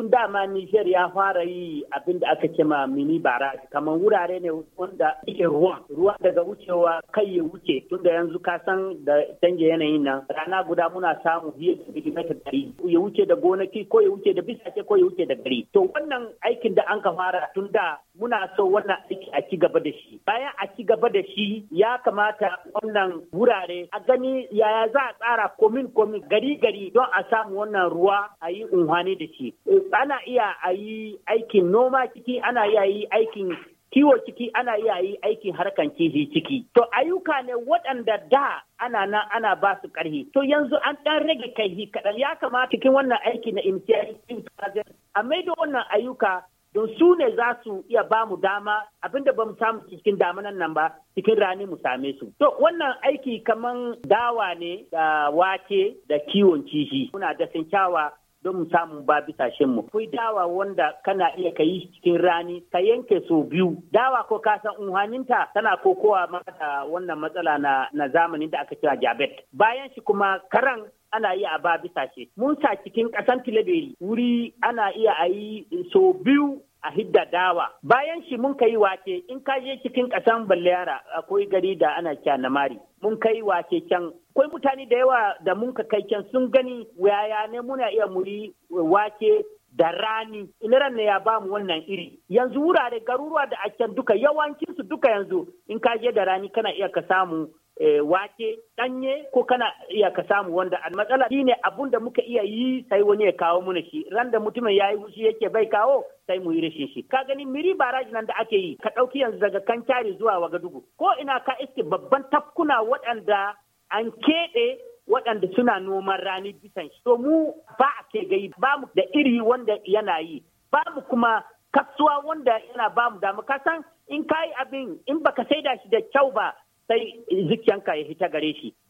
tun dama Nijar ya fara yi abin da aka kima mini baraji kamar wurare ne wanda ike ruwa ruwa daga wucewa kai ya wuce tun da yanzu ka san da canje yanayin nan rana guda muna samu fiye da milimita ɗari ya wuce da gonaki ko ya wuce da bisashe ko ya wuce da gari to wannan aikin da an ka fara tun da muna so wannan aiki ci gaba da shi bayan a ci gaba da shi ya kamata wannan wurare a gani yaya za a tsara komin komin gari gari don a samu wannan ruwa a yi unhwani da shi ana iya a yi aikin noma ciki ana iya yi aikin kiwo ciki ana iya yi aikin harkan kifi ciki. To ayyuka ne waɗanda da ana nan ana ba su ƙarfi. To yanzu an ɗan rage kaihi kaɗan ya kamata cikin wannan aiki na imtiyar a maido wannan ayyuka don su ne za su iya ba mu dama abinda ba mu samu cikin damanan nan ba cikin rani mu same su. To wannan aiki kaman dawa ne da wake da kiwon kihi. Muna da kyawa don mu samu ba bisa mu. Kui dawa wanda kana iya kayi cikin rani ka yanke so biyu. Dawa ko ka san unhaninta tana kokowa ma wannan matsala na, na zamanin da aka kira jabet. Bayan shi kuma karan ana iya a ba bisa Mun sa cikin ƙasan tilaberi wuri ana iya a yi so biyu a hidda dawa bayan shi mun kai wake in ka je cikin ƙasan yara akwai gari da ana kya mari. mun kai wake can akwai mutane da yawa da mun ka kai can sun gani yaya ne muna iya muri wake da rani ran ne ya ba mu wannan iri yanzu wurare garuruwa da a can duka yawancinsu duka yanzu in ka je da rani kana iya ka samu Eh, wake danye ko kana iya ka samu wanda a matsala ne abun da muka iya yi sai wani ya kawo mana shi ran da mutumin yayi wuce yake bai kawo sai mu yi rashin shi ka gani miri baraji nan da ake yi ka ɗauki yanzu daga kankyari zuwa wagadugu ko ina ka iske babban tafkuna waɗanda an keɓe waɗanda suna noman rani bisan shi. To mu ba a ke gai ba mu da iri wanda yana yi, ba mu kuma kasuwa wanda yana ba mu damu. Ka san in ka yi abin in baka saida shi da kyau ba sai zikiyanka ya hita gare shi